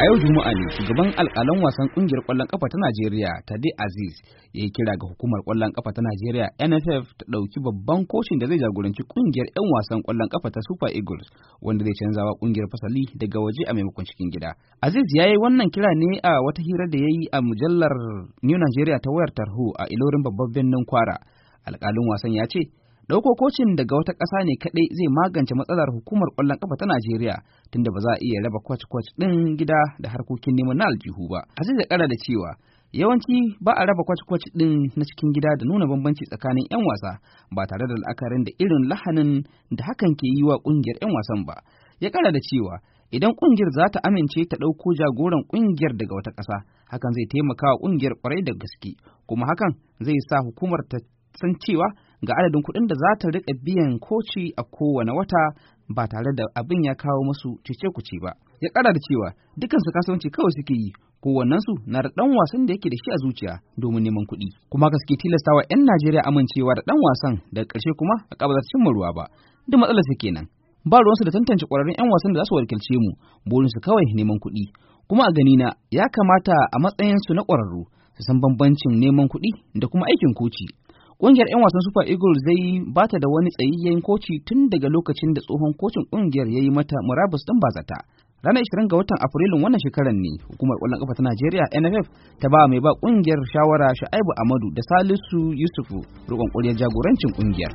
A yau Juma'a ne shugaban alƙalan wasan ƙungiyar ƙwallon ƙafa ta Najeriya Tade Aziz ya yi kira ga hukumar ƙwallon ƙafa ta Najeriya NFF ta ɗauki babban koshin da zai jagoranci ƙungiyar 'yan wasan ƙwallon ƙafa ta Super Eagles wanda zai canza wa ƙungiyar fasali daga waje a maimakon cikin gida. Aziz ya yi wannan kira ne a wata hira da ya yi a mujallar New Nigeria ta wayar tarho a Ilorin babban birnin Kwara. Alƙalin wasan ya ce Ɗauko kocin daga wata ƙasa ne kaɗai zai magance matsalar hukumar ƙwallon ƙafa ta Najeriya tunda ba za a iya raba kwac-kwac ɗin gida da harkokin neman na aljihu ba. Aziz ya ƙara da cewa yawanci ba a raba kwac-kwac ɗin na cikin gida da nuna bambanci tsakanin 'yan wasa ba tare da la'akarin da irin lahanin da hakan ke yi wa ƙungiyar 'yan wasan ba. Ya ƙara da cewa idan ƙungiyar za ta amince ta ɗauko jagoran ƙungiyar daga wata ƙasa hakan zai taimaka wa ƙungiyar ƙwarai da gaske kuma hakan zai sa hukumar ta san cewa ga adadin kuɗin da za ta riƙa biyan koci a kowane wata ba tare da abin ya kawo musu cece-kuce ba. Ya ƙara da cewa dukansu kasuwanci kawai suke yi kowannensu na da ɗan wasan da yake da shi a zuciya domin neman kuɗi. Kuma gaske tilastawa 'yan Najeriya amincewa da ɗan wasan daga ƙarshe kuma a ƙaba za cimma ruwa ba. Duk matsalar su kenan. Ba ruwansu da tantance ƙwararrun 'yan wasan da za su wakilce mu, burinsu kawai neman kuɗi. Kuma a ganina ya kamata a matsayinsu na ƙwararru su san bambancin neman kuɗi da kuma aikin koci. Ƙungiyar 'yan wasan Super Eagles zai ba ta da wani tsayayyen koci tun daga lokacin da tsohon kocin ƙungiyar ya yi mata murabus ɗin bazata. Ranar 20 ga watan Afrilun wannan shekarar ne hukumar ƙwallon kafa ta Najeriya NFF ta ba mai ba ƙungiyar shawara shaibu Amadu da Salisu Yusufu roƙon ƙungiyar jagorancin ƙungiyar.